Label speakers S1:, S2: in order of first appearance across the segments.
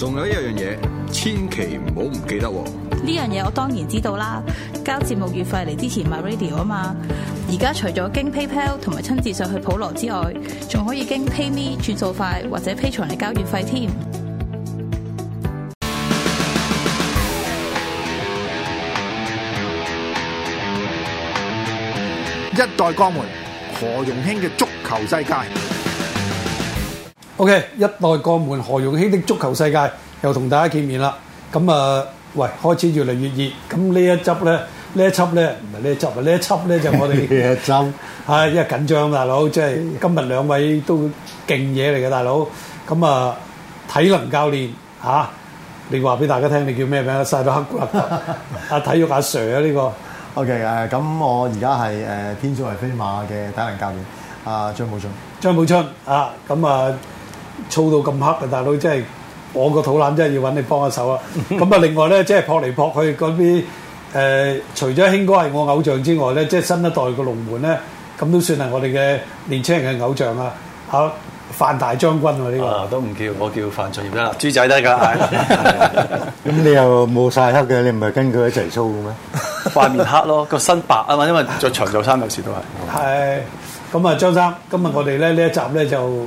S1: 仲有一樣嘢，千祈唔好唔記得喎！
S2: 呢樣嘢我當然知道啦，交節目月費嚟之前 m radio 啊嘛！而家除咗經 PayPal 同埋親自上去普羅之外，仲可以經 PayMe 轉數快或者 Pay 財嚟交月費添。一
S3: 代江門何容興嘅足球世界。
S2: O.K. 一代鋼門何容興的足球世界又同大家見面啦。咁啊，喂，開始越嚟越熱。咁呢一輯咧，呢一輯咧，唔係呢一輯，唔係呢一輯咧，就我哋嘅集。嚇，因為緊張大佬，即係今日兩位都勁嘢嚟嘅，大佬。咁啊，體能教練嚇，你話俾大家聽，你叫咩名？曬到黑骨黑骨。阿體育阿 Sir 啊，呢個 O.K. 誒，咁我而家係誒編組為飛馬嘅體能教練阿張寶春。張寶春啊，咁啊。操到咁黑啊！大佬，即係我個肚腩，真係要揾你幫下手啊。咁啊，另外咧，即係撲嚟撲去嗰啲誒，除咗興哥係我偶像之外咧，即係新一代嘅龍門咧，咁都算係我哋嘅年輕人嘅偶像啊！嚇，范大將軍喎，呢個
S1: 都唔叫，我叫范俊啦，豬仔得噶。
S2: 咁你又
S3: 冇晒黑嘅，你唔係跟佢一齊操嘅咩？
S1: 塊面黑咯，個身白啊嘛，因為着長袖衫有時都
S2: 係。係咁啊，張生，今日我哋咧呢一集咧就。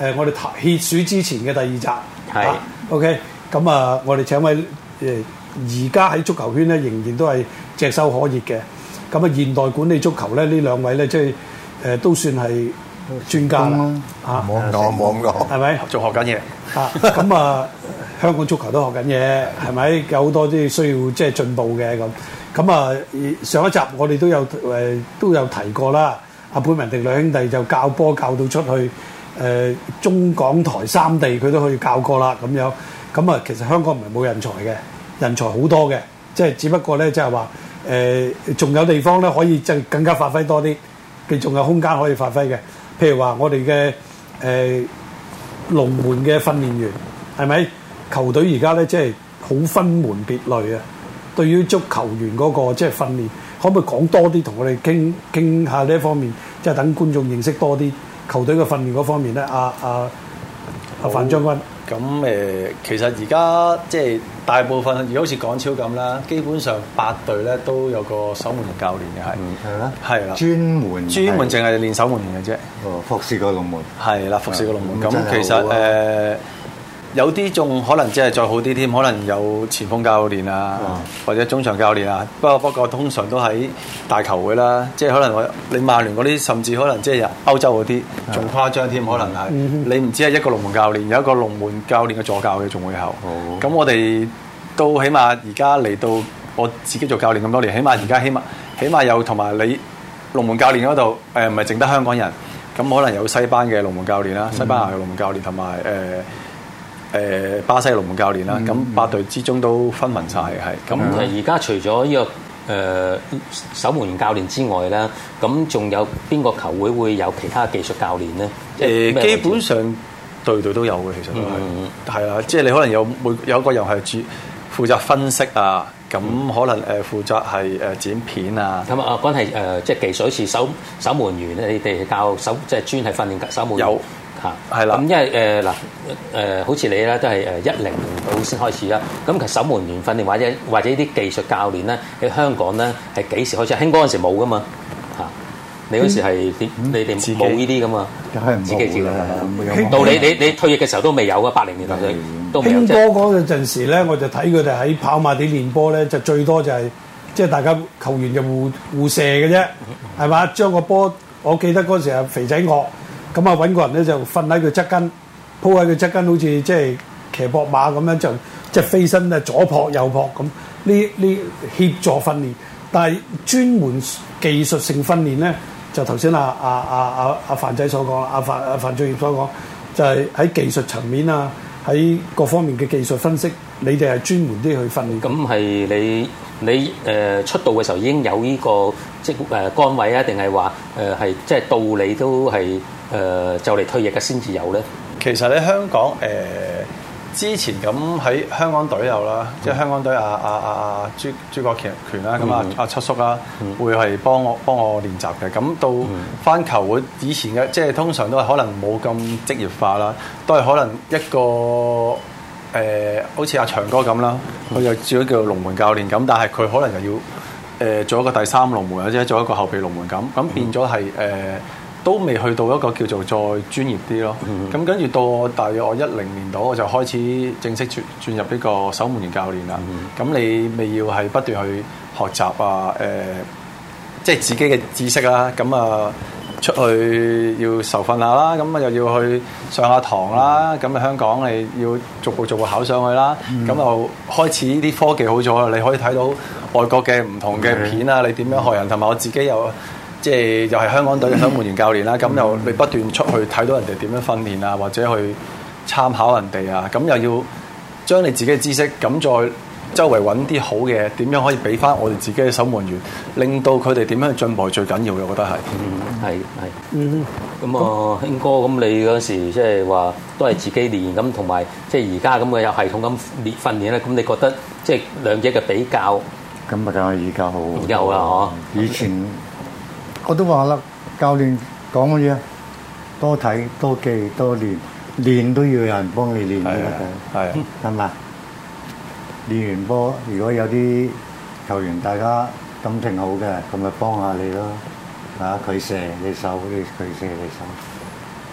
S2: 誒，我哋血暑之前嘅第二集，係是 OK，咁啊、呃，我哋請位誒，而家喺足球圈咧，仍然都係炙手可熱嘅。咁啊，現代管理足球咧，兩呢兩位咧，即係誒，都算係專家啦。嚇、啊，冇冇咁講，係咪？仲學緊嘢？嚇、 啊，咁啊、呃，香港足球都學緊嘢，係咪？有好多啲需要即係、就是、進步嘅咁。咁啊，上一集我哋都有誒、呃，都有提過啦。阿潘文迪兩兄弟就教波教到出去。誒、呃、中港台三地佢都可以教過啦，咁樣。咁啊，其實香港唔係冇人才嘅，人才好多嘅，即係只不過咧，即係話誒仲有地方咧可以即係更加發揮多啲，佢仲有空間可以發揮嘅。譬如話我哋嘅誒龍門嘅訓練員，係咪球隊而家咧即係好分門別類，啊？對於足球員嗰個即係訓練可唔可以講多啲同我哋傾傾下呢一方面，即係等觀眾認識多啲？球隊嘅訓練嗰方面咧，阿阿阿范將軍，
S1: 咁誒、呃，其實而家即係大部分，而好似港超咁啦，基本上八隊咧都有個守門員教練嘅係，係啦、嗯，係啦，嗯、專門專門淨係練守門員嘅啫，哦，服侍個龍門係啦，服侍個龍門，咁、嗯、其實誒。呃有啲仲可能即係再好啲添，可能有前鋒教練啊，或者中場教練啊。不過不過，通常都喺大球會啦。即係可能我你曼聯嗰啲，甚至可能即係歐洲嗰啲仲誇張添，可能係你唔止係一個龍門教練，有一個龍門教練嘅助教嘅仲會有。咁我哋都起碼而家嚟到我自己做教練咁多年，起碼而家起碼起碼有同埋你龍門教練嗰度誒，唔係淨得香港人，咁可能有西班牙嘅龍門教練啦，西班牙嘅龍門教練同埋
S4: 誒。誒，巴西龍門教練啦，咁八隊之中都分勻晒嘅，係咁。而家除咗呢個誒守門員教練之外咧，咁仲有邊個球會會有其他技術教練咧？誒，基本上隊隊
S1: 都有嘅，其實都係係啊，即係你可能有每有一個人係主負責分析啊，
S4: 咁可能誒負責係誒剪片啊。咁啊，關係誒，即係技術是守守門員咧，你哋教守即係專係訓練守門員。嚇、嗯，係啦。咁因為誒嗱誒，好、呃、似、呃呃呃、你啦，都係誒、呃呃、一零年到先開始啦。咁其實守門員訓練或者或者啲技術教練咧，喺香港咧係幾時開始？興嗰陣時冇噶、啊嗯、嘛。嚇，你嗰時係你哋冇呢啲噶嘛？唔自己？興、嗯、到你你你退役嘅時候都未有啊！八零年代
S2: 都興波嗰陣時咧，我就睇佢哋喺跑馬地練波咧，就最多就係即係大家球員嘅互互射嘅啫，係嘛？將個波，我記得嗰時係肥仔惡。咁啊，揾個人咧就瞓喺佢側跟，鋪喺佢側跟，好似即係騎膊馬咁樣，就即係飛身啊左撲右撲咁。呢呢啲協助訓練，但係專門技術性訓練咧，就頭先阿阿阿阿阿范仔所講，阿范阿范俊業所講，就係、是、喺技術層面啊，喺各方面嘅技術分析，你哋係專門啲去訓練。咁係你你誒出道嘅
S4: 時候已經有呢、這個即係誒崗位啊，定係話誒係即係道理都係。誒就嚟退役嘅先至有咧。其實咧香
S1: 港誒、呃、之前咁喺香港隊有啦，嗯、即係香港隊阿阿阿阿朱朱國權啦，咁啊阿七、嗯啊、叔啦、啊，會係幫我幫我練習嘅。咁到翻球會以前嘅，即係通常都係可能冇咁職業化啦，都係可能一個誒，好似阿長哥咁啦，佢就叫叫做龍門教練咁，但係佢可能又要誒、呃、做一個第三龍門或者做一個後備龍門咁，咁變咗係誒。呃呃都未去到一個叫做再專業啲咯，咁跟住到我大約我一零年度，我就開始正式轉轉入呢個守門員教練啦。咁、mm hmm. 你未要係不斷去學習啊，誒、呃，即係自己嘅知識啦。咁啊，出去要受訓下啦，咁啊又要去上下堂啦。咁啊、mm hmm. 香港你要逐步逐步考上去啦。咁又、mm hmm. 開始呢啲科技好咗啦，你可以睇到外國嘅唔同嘅片啊，Okay. 你點樣學人，同埋、mm hmm. 我自己又。即係又係香港隊嘅守門員教練啦，咁、嗯、又你不斷出去睇到人哋點樣訓練啊，或者去參考人哋啊，咁又要將你自己嘅知識，咁再周圍揾啲好嘅，點樣可以俾翻我哋自己嘅守門員，令到佢哋點樣去進步最緊要嘅，我覺得係。嗯，
S4: 係係。嗯哼。咁啊，興哥，咁你嗰時即係話都係自己練，咁同埋即係而家咁嘅有系統咁練訓練咧，咁你覺得即係、就是、兩者嘅比較，咁咪梗係而家好，而家好啊，吓？
S3: 以前。我都話啦，教練講嘅嘢，多睇多記多練，練都要有人幫你練嘅，係係係，係嘛的？練的完波，如果有啲球員大家感情好嘅，咁咪幫下你咯，啊佢射你手，你佢射，你手，你，射你手，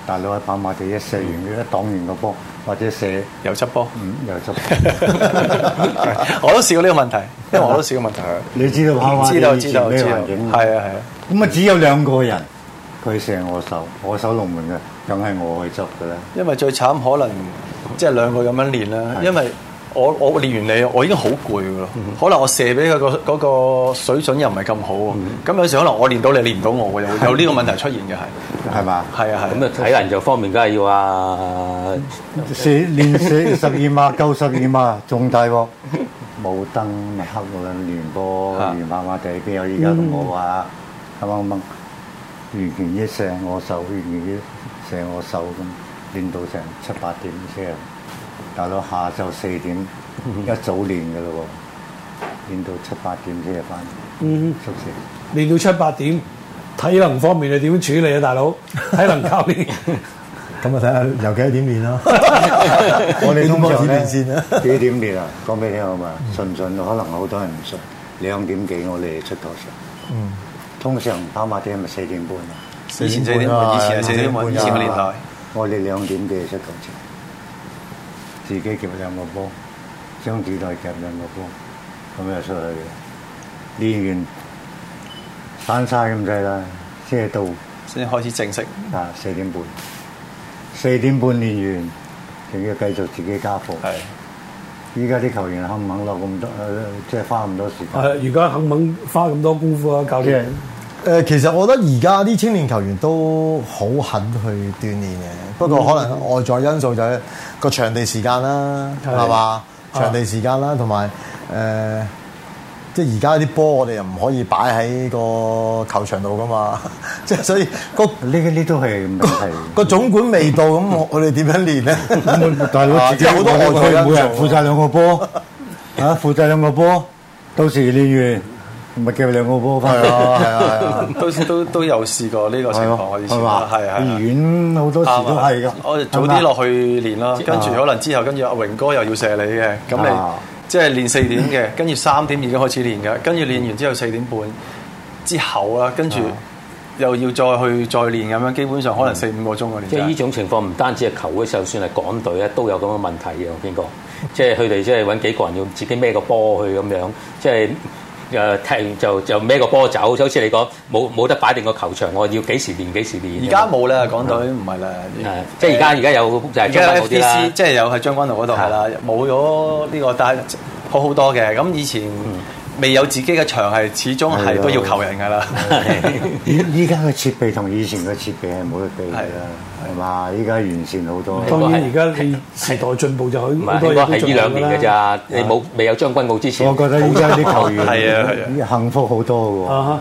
S3: 大佬喺跑馬地就一射完、嗯、一擋完個波。或者射又執波，嗯，又執。我都試過呢個問題，因為我都試過個問
S1: 題。你知道，知道，知道，係啊，係啊。
S3: 咁啊，只有兩個人，佢射我守，我守龍門嘅，梗係我去執嘅啦。
S1: 因為最慘可能即係兩個咁樣練啦，因為我我練完你，我已經好攰嘅咯。可能我射俾佢個嗰水準又唔係咁好，咁有時可能我練到你，練唔到我嘅，有呢個問題
S4: 出現嘅係。係嘛？係啊，係咁啊！體、嗯、能就方面，梗係要啊！
S3: 死練死十二碼，夠 十二碼，仲大喎！
S4: 冇燈，
S3: 黑到連波連麻麻地。邊有依家同我話，嗡嗡完全一上我手，完全一上我手咁練到成七八點先。大佬下晝四點一早練嘅咯喎，
S2: 練到七八點先又翻。嗯，熟成、嗯、練到七八點。體能方面你點樣處理啊，大佬？體能教練，咁啊睇下尤其係點練
S3: 咯。 我哋通常咧，幾點練啊？講俾、 啊、你聽啊嘛，順順、嗯、可能好多人唔順，兩點幾我哋出球場。嗯，通常跑馬地咪四點半、啊，以前四點，以前係四點半以前嘅年代。我哋兩點幾出球場，自己夾兩個波，張子岱夾兩個波，咁樣出去。嘅。呢邊。翻晒咁濟啦，即係到先開始正式啊，四點半，四點半練完，仲要繼續自己加課。係的，依家啲球員肯唔肯落咁多？呃、即係
S2: 花咁多時間。係，而家肯唔肯花咁多功夫啊？教練？
S3: 誒、呃，其實我覺得而家
S5: 啲青年球員都好肯去鍛鍊嘅，不過可能外在因素就係個場地時間啦，係嘛？場地時間啦，同埋誒。呃即係而家啲波，我哋又唔可以擺喺個球場度噶嘛。
S3: 即係所以呢個呢都係個總管未到，咁我哋點樣練咧？大佬自己好多，每人負責兩個波。嚇，負責兩個波，到時練完咪叫兩個波翻
S1: 咯。係啊，都都都有試過呢個情況。以前係啊，係
S3: 啊，遠好多時都係噶。我早啲落去
S1: 練啦，跟住可能之後跟住阿榮哥又要射你嘅，咁你。即係練四點嘅，跟住三點已經開始練㗎，跟住練完之後四點半之後啊，跟住又要
S4: 再去再練咁樣，基本上可能四五個鐘啊，嗯、練隊。即係呢種情況唔單止係球嘅時候，算係港隊咧都有咁嘅問題嘅，我見過，即係佢哋即係揾幾個人要自己孭個波去咁樣，即係。誒踢完就就孭個波走，就好似你講冇冇得擺定個球場，我要幾時練幾時練。而家
S1: 冇啦，嗯、港隊唔係啦。
S4: 嗯、即係而家而家有個複製。而家 FPC
S1: 即係有喺將軍澳嗰度係啦，冇咗呢個，但係好好多嘅。咁以前。嗯未有自己嘅場，係始終係都要求人噶
S3: 啦。依家嘅設備同以前嘅設備係冇得比啦，係嘛？依家完善好多。當然而
S2: 家啲時代進步就許多都呢兩年嘅咋。
S4: 你冇未有將軍澳之前，我
S3: 覺得依家啲球員係啊係啊，幸福好多喎。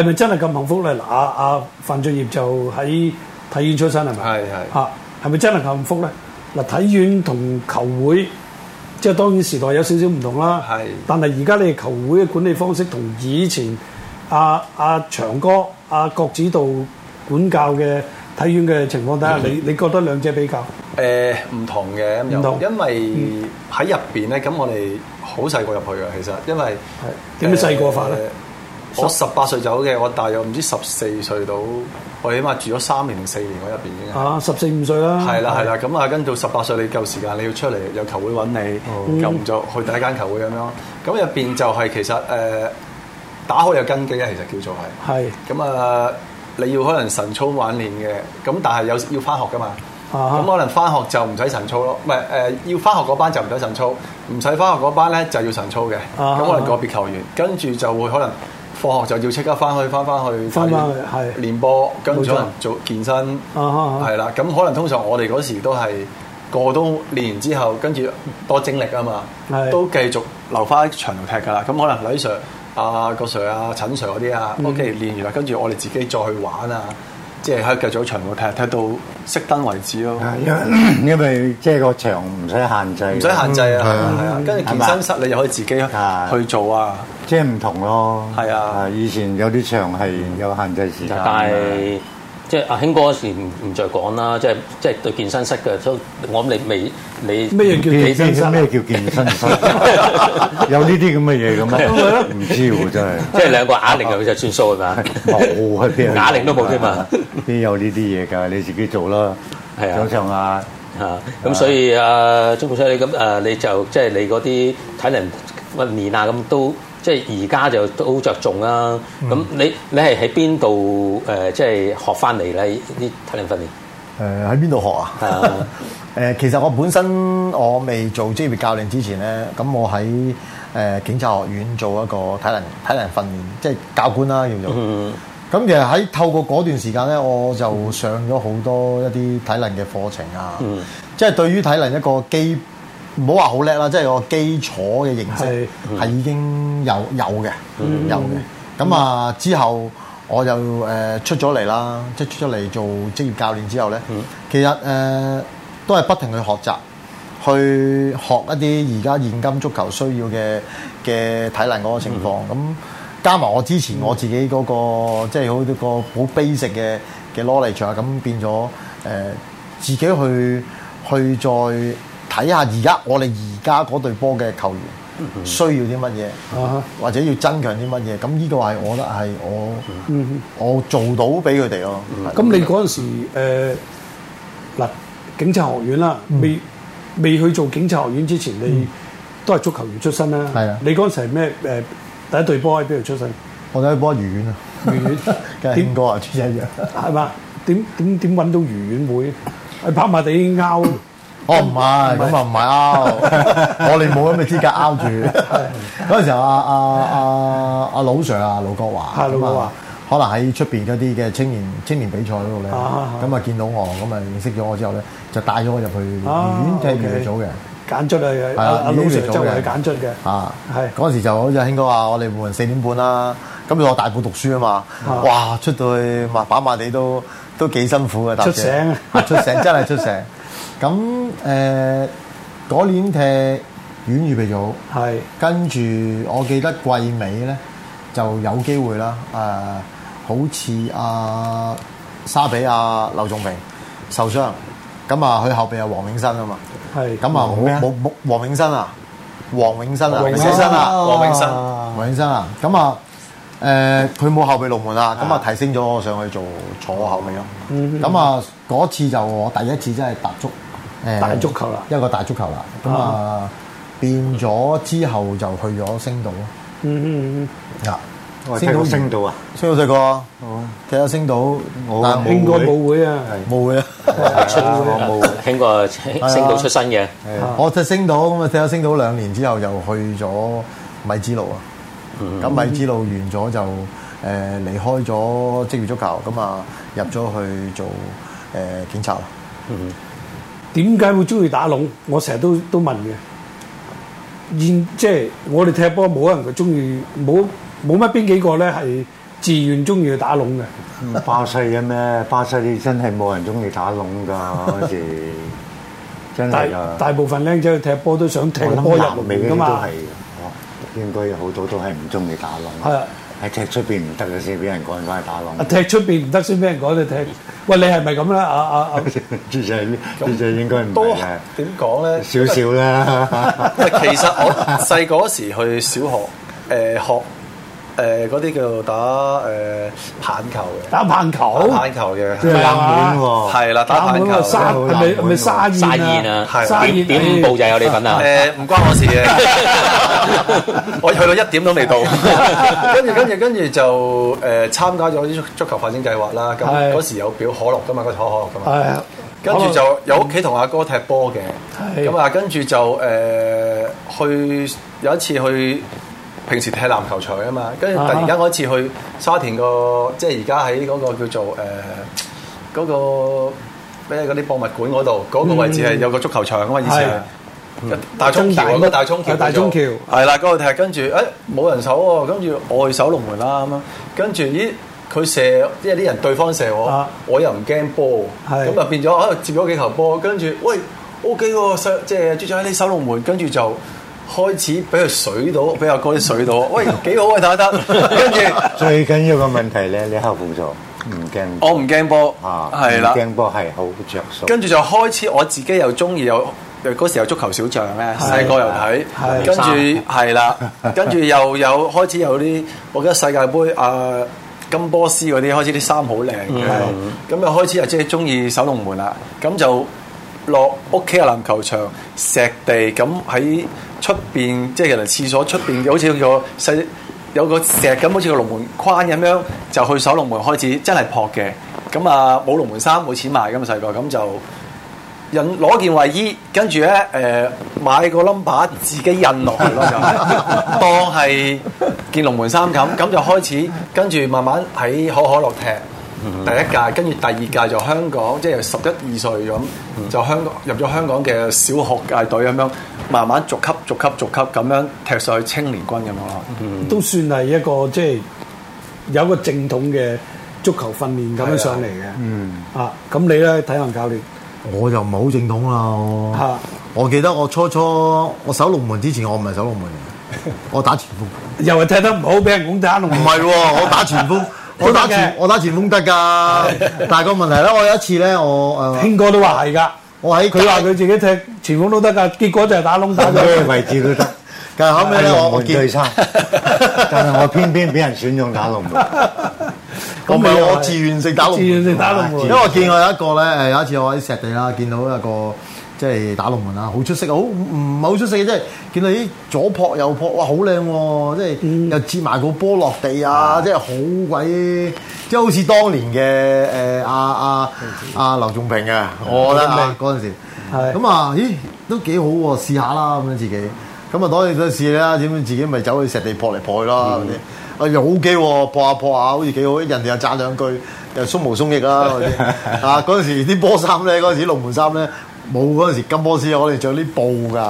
S2: 係咪真係咁幸福咧？嗱，阿阿范俊業就喺體院出身係咪？係係嚇，係咪真係幸福咧？嗱，體院同球會。即係當然時代有少少唔同啦，的但係而家你球會嘅管理方式同以前阿、啊、阿、啊、長哥阿、啊、郭指導管教嘅體院嘅情況，底下、嗯、你你覺得兩者比較？
S1: 誒唔、呃、同嘅，唔同，因為喺入邊咧，咁我哋好細個入去嘅，其實因為點樣細個法咧？呃呃我十八歲走嘅，我大約唔知十四歲到，我起碼住咗三年定四年，我入邊已經係、啊、
S2: 十四五歲啦。係啦係啦，
S1: 咁啊的跟到十八歲你夠時間，你要出嚟有球會揾你，咁就、嗯、去第一間球會咁樣。咁入邊就係其實誒、呃、打開有根基啊，其實叫做係。係咁啊，你要可能晨操晚練嘅，咁但係有要返學㗎嘛。咁、啊、哈 可能返學就唔使晨操咯，唔係誒要返學嗰班就唔使晨操，唔使返學嗰班咧就，就要晨操嘅。咁可能個別球員跟住就會可能。放學就要即刻翻去，翻翻去翻翻去練波，跟住可能做健身，係啦。咁可能通常我哋嗰時都係個個都練完之後，跟住多精力啊嘛，都繼續留翻喺場度踢噶啦。咁可能李 Sir、阿郭 Sir、阿陳 Sir 嗰啲啊，OK 練完啦，跟住我哋自己再去玩啊，即係喺繼續場度踢，踢到熄燈為止咯。
S3: 因為因為即係個場唔使限制，唔使限制啊，係啊。跟住健身室你又可以自己去做啊。即係唔同咯，係啊！以前有啲場係
S4: 有限制時間，但係，即係阿興哥嗰時唔唔再講啦。即係即係對健身室嘅，所以我諗你未你咩叫健身室？
S3: 咩叫健身室？
S4: 有呢啲咁嘅嘢嘅咩？唔知喎真係。即係兩個啞鈴就算數係咪？冇啊，啞鈴都冇添嘛。邊有呢啲嘢㗎？你自己做啦。係啊，早上啊，咁所以阿鍾博士，你咁誒你就即係你嗰啲體能訓練啊咁都。即係而家就都好着重啦、啊。咁、嗯、你你係喺邊度誒？即、呃、係、就是、學翻嚟咧？啲體能訓練
S5: 誒，喺邊度學啊？誒、 呃，其實我本身我未做職業教練之前咧，咁我喺誒、呃、警察學院做一個體能體能訓練，即係教官啦要做。咁、嗯、其實喺透過嗰段時間咧，我就上咗好多一啲體能嘅課程啊。嗯嗯、即係對於體能一個基唔好話好叻啦，即係個基礎嘅認識係已經有有嘅，有嘅。咁啊之後我就誒、呃、出咗嚟啦，即係出咗嚟做職業教練之後咧，嗯、其實誒、呃、都係不停去學習，去學一啲而家現今足球需要嘅嘅體能嗰個情況。咁、嗯、加埋我之前、嗯、我自己嗰、嗰個即係好一個好 basic 嘅嘅 knowledge 啊，咁變咗誒、呃、自己去去再。睇下而家我哋而家嗰隊波嘅球員需要啲乜嘢，嗯、或者要增強啲乜嘢？咁呢個係我覺得係我、嗯、我做到俾佢哋咯。
S3: 咁你嗰
S2: 陣時嗱、呃、警察學院啦，嗯、未未去做警察學院之前，你都係足球員出身啦。係啊、嗯，你嗰陣時係咩誒第一隊波喺邊度出身？我第一波愉園啊，愉園，啲兄丸哥麼啊，一齊嘅係嘛？點點點揾到愉園會？係跑馬地拗。哦，唔係，咁啊唔係拗，我哋冇咁嘅資格拗住。嗰陣時啊啊
S5: 啊啊老 sir 啊，盧國華啊嘛，可能喺出邊嗰啲嘅青年青年比賽嗰度咧，咁啊見到我，咁啊認識咗我之後咧，就帶咗我入去院佢球組嘅，
S2: 揀卒嘅，啊老 sir 周來揀卒嘅，啊係嗰
S5: 陣時就好似興哥話，我哋每人四點半啦，咁我大埔讀書啊嘛，哇出到去馬把馬地都都幾辛苦嘅，出聲出聲真係出聲，咁誒嗰年踢遠預備組，係跟住我記得季尾咧就有機會啦。誒、呃，好似阿、啊、沙比阿劉仲平受傷，咁啊佢後邊係黃永新啊嘛。係是，咁啊冇冇冇黃永新啊？黃永新啊？黃永新啊？黃永新啊？咁啊誒，佢冇後備龍門啊。咁啊提升咗我上去做咗後備咯。咁啊嗰次就我第一次真係踏足。大足球啦，一個大足球啦，咁啊變咗之後就去咗星島
S4: 咯。嗯嗯嗯，啊，星島星島
S5: 啊，星島細個，睇下星島，我應該冇
S4: 會啊，冇會啊，聽過星島出身嘅，我
S5: 踢星島咁啊，睇下星島兩年之後又去咗米芝路啊。咁米芝路完咗就誒離開咗職業足球，咁啊
S2: 入咗去做誒檢測。點解會中意打龍？我成日都都問嘅。現即係我哋踢波，冇人佢中意，冇冇乜邊幾個咧係自願中意去打龍嘅。巴西
S3: 嘅咩？巴西你真係冇人中意打龍㗎嗰時。真係啊！大
S2: 部分僆仔去踢波都想踢波入面㗎嘛。應該有好多都
S3: 係唔中意打龍。係啊。喺踢出邊唔得嘅先俾人趕翻去打龍。
S2: 啊，踢出邊唔得先俾人趕你踢。喂，你係咪咁啦？啊啊啊！ 主持人，嗯、主持應該唔係嘅。點講咧？呢
S1: 少少
S3: 啦為。
S1: 其實我細個嗰時去小學，誒、 呃、學。誒，嗰啲叫打誒棒球嘅，打棒球，棒球嘅，對啊嘛，係啦，打棒球，咪咪沙燕啊，沙燕點步就有你份啦。誒，唔關我事嘅，我去到一點都未到。跟住，跟住，跟住就誒參加咗啲足球發展計劃啦。咁嗰時有表可樂噶嘛，嗰時可可樂噶嘛。係啊，跟住就有屋企同阿哥踢波嘅。咁啊，跟住就誒去有一次去。平時踢籃球場啊嘛，跟住突然間我一次去沙田個即係而家喺嗰個叫做誒嗰、呃嗰個咩嗰啲博物館嗰度嗰個位置係有個足球場啊嘛，以前、嗯嗯、大涌橋，橋大涌不橋大涌橋係啦，嗰、嗰個踢跟住誒冇人守喎，跟住我去守龍門啦咁樣，跟住咦佢射即係啲人對方射我，啊、我又唔驚波，咁是就變咗喺度接咗幾球波，跟喂個姐姐住喂 O K 喎，即係專長喺啲守龍門，跟住就。開始俾佢水到，俾阿哥啲水到，喂幾好啊！打一打，跟
S3: 住最緊要個問題咧，你克服咗唔驚？我唔驚波，係啦，驚波係好着數。跟住
S1: 就開始，我自己又中意，有，嗰時候有足球小將咧，細個又睇，跟住係啦，跟住又有開始有啲，我覺得世界盃啊，金波斯嗰啲開始啲衫好靚嘅，咁又開始又即係中意守龍門啦，咁就。落屋企嘅籃球場石地咁喺出邊，即係其實廁所出邊，就好似個細有個石咁，好似個龍門框咁樣，就去守龍門開始，真係撲嘅。咁啊，冇龍門衫，冇錢買咁細個，咁就印攞件衞衣，跟住咧，誒買個 number 自己印落去咯，就當係件龍門衫咁，咁就開始，跟住慢慢喺可可樂踢。第一屆，跟住第二屆就香港，即係十一二歲咁，嗯、就香入咗香港嘅小學界隊咁樣，慢慢逐級逐級逐級咁樣踢上去青年軍咁咯，嗯、都
S2: 算係一個即係有一個正統嘅足球訓練咁樣上嚟嘅。嗯啊，咁你咧體能教練，我就唔係好正統啦。我
S5: 我記得我初初我守龍門之前，我唔係守龍門嘅，我打前鋒，又係踢得唔好，俾人講打龍門唔係，我打前鋒。 我打前，我打前鋒得噶。但係個問題咧，我有一次咧，我興哥都話係噶。我喺佢話佢自己踢前
S3: 鋒都得噶，結果就係打龍。咩位置都得，但係後尾我見，差 但係我偏偏俾人選中打龍。咁咪 我， 我自願性打龍，
S5: 自打 因為我見過有一個咧，有一次我喺石地啦，見到一個。即係打龍門啊，好出色啊，好唔係好出色嘅，即係見到啲左撲右撲，哇，好靚喎！即係又接埋個波落地啊，即係好鬼，即係好似當年嘅誒阿阿阿劉仲平啊，我覺得啊嗰時，咁啊咦都幾好喎，試下啦咁樣自己，咁啊當然想試啦，點樣自己咪走去石地撲嚟撲去啦？啲，啊又好機喎，撲下撲下好似幾好，人哋又炸兩句，又鬆毛鬆翼啦啊嗰陣時啲波衫咧，嗰陣時龍門衫咧。冇嗰陣時金波斯，我哋著啲布㗎，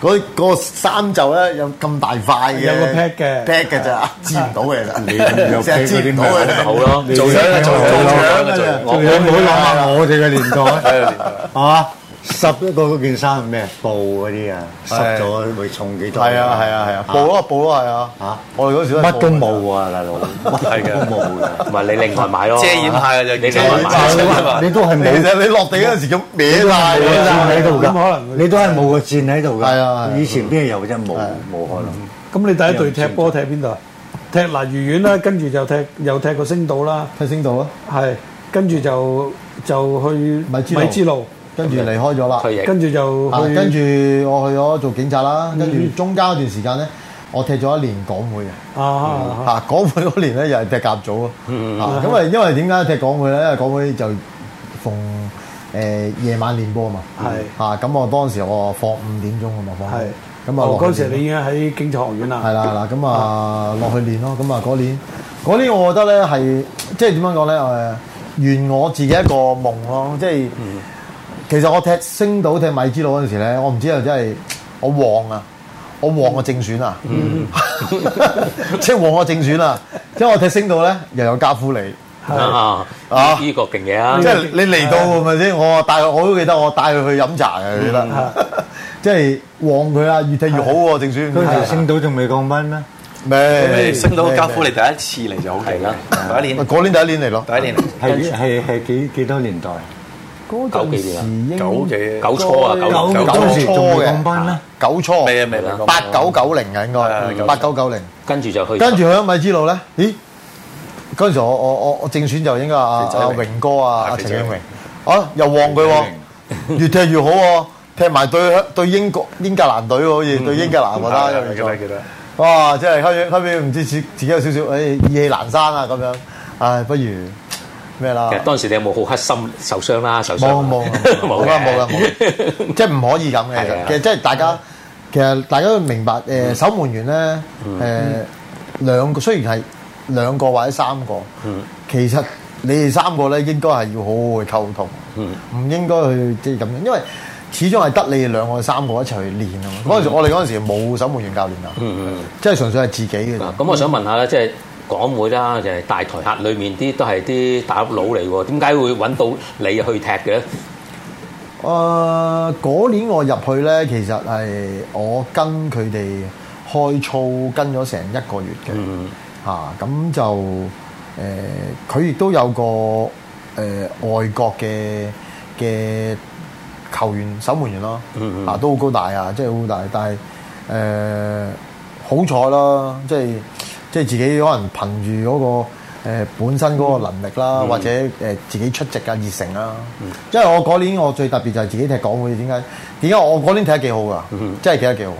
S5: 嗰嗰個衫袖咧有咁大塊嘅，pad 嘅 pad 嘅咋，粘唔到嘅其實。成日粘唔到啊！好咯，做嘢做長嘅
S3: 做，你唔好諗下我哋嘅年代係啊！十一個嗰件衫係咩？布嗰啲啊，濕咗會重幾多？係啊係啊係啊，布咯布咯係啊。吓，我哋嗰時乜都冇啊，大佬，係嘅冇嘅。唔係你另外買咯，遮掩下又另外買咯。你都係冇嘅，你
S5: 落地嗰陣時咁歪晒嘅，冇線喺度噶，咁
S3: 可能
S2: 你都係冇個線喺度噶。係啊，以前邊有隻毛冇可能？咁你第一隊踢波踢邊度啊？踢嗱愉園啦，跟住就踢又踢個星島啦。踢星島啊？係，跟住就就去米米之路。跟住離開咗啦，跟住就跟住
S5: 我去咗做警察啦。跟住中間嗰段時間咧，我踢咗一年港會嘅。啊，港會嗰年咧又係踢甲組啊。咁啊，因為點解踢港會咧？因為港會就逢誒夜晚練波啊嘛。係。嚇咁我當時我放五點鐘，我咪放。係。咁啊，嗰時你已
S2: 經喺警察學院啦。係
S5: 啦，嗱咁啊落去練咯。咁啊嗰年嗰年，我覺得咧係即係點樣講咧誒，圓我自己一個夢咯。即係。其實我踢星島踢米芝路嗰陣時咧，我唔知啊，真係我旺啊，我旺我正選啊，即係旺我正選啊！即係我踢星島咧，又有加夫利，
S4: 啊啊呢個勁嘢啊！即係
S5: 你嚟到咪先，我帶我都記得，我帶佢去飲茶嘅記得，即係旺佢啊！越踢越好喎，正選。星島仲未降班咩？
S3: 未升到加夫利
S1: 第一次嚟就好勁啦，第一年。嗰年第一年嚟咯，第一年
S3: 係係係幾幾多年代？九幾年啊？九幾九初啊？九九初嘅，
S5: 九初咩咩啊？八九九零啊，應該八九九零。
S4: 跟住就去跟住
S5: 響米芝路咧？咦？嗰陣時我我我我正選就應該阿阿榮哥啊，陳永榮啊，又旺佢喎，越踢越好喎，踢埋對香對英國英格蘭隊喎，好似對英格蘭喎啦。哇！真係後尾後尾唔知自自己有少少唉意氣難伸啊咁樣，唉不如～咩啦？其實
S4: 當時你有冇好黑心？受傷啦，受傷冇冇冇啦冇啦冇，
S5: 即係唔可以咁嘅。其實即係大家，其實大家都明白誒守門員咧誒兩個雖然係兩個或者三個，其實你哋三個咧應該係要好好去溝通，唔應該去即係咁樣，因為始終係得你哋兩個三個一齊去練啊嘛。嗰陣時我哋嗰陣時冇守門員教練啊，即係純粹係自己
S4: 嘅。咁我想問下咧，即係。港會啦，就係大台客裏面啲都係啲大佬嚟喎，點解會揾到你去踢嘅？誒，
S5: 嗰年我入去咧，其實係我跟佢哋開操跟咗成一個月嘅，嚇咁就誒，佢亦都有個誒外國嘅嘅球員守門員咯，嚇都好高大啊，即係好大，但係誒好彩咯，即係。即係自己可能憑住嗰、那個、呃、本身嗰個能力啦，mm hmm. 或者誒、呃、自己出席嘅熱誠啦。Mm hmm. 因為我嗰年我最特別就係自己踢港會，點解？點解我嗰年踢得幾好㗎？Mm hmm. 真係踢得幾好。誒、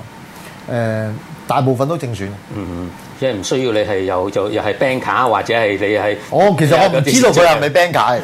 S5: 呃，大部分都正選。Mm hmm.
S4: 即係唔需要你係又就又係 banker，或者係你係，
S5: 我、哦、其實我唔知道佢係咪 banker，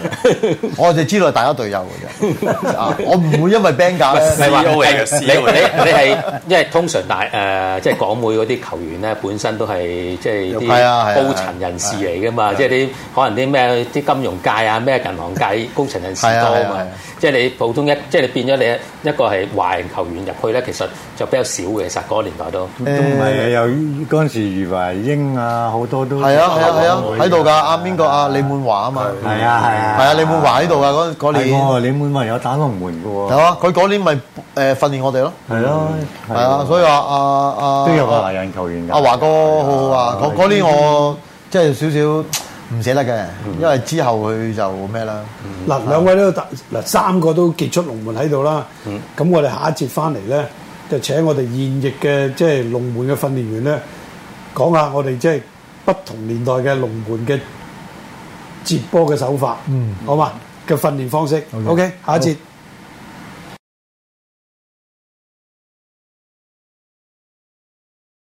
S5: 我就知道大家隊友嘅啫， 我唔會因為 banker 咧。係話，係
S4: 你你你係，因為通常大誒、呃、即係港隊嗰啲球員咧，本身都係即係啲高層人士嚟噶嘛，啊啊啊啊、即係啲可能啲咩啲金融界啊，咩銀行界高層人士多啊嘛。即係你普通一，即係你變咗你一個係華人球員入去咧，其實就比較少嘅。其實嗰個年代都唔係誒，
S3: 有嗰陣時余懷英啊，好多都係啊係啊係啊，喺度㗎。
S4: 阿邊個阿李滿華啊嘛，係啊係啊，
S5: 係啊李滿華喺度㗎。嗰嗰年，
S3: 李滿華有打龍門㗎喎。
S5: 係啊，佢嗰年咪誒訓練我哋咯。係咯，係啊，所以話阿阿都有華人球員㗎。阿華哥好好啊，嗰嗰年，我即係少少。唔捨得嘅，因為之後佢就
S2: 咩啦。嗱、嗯，兩位都嗱三個都結束龍門喺度啦。咁、嗯、我哋下一節翻嚟咧，就請我哋現役嘅即係龍門嘅訓練員咧，講下我哋即係不同年代嘅龍門嘅接波嘅手法，好嘛？嘅訓練方式。嗯、OK，下一節。Okay,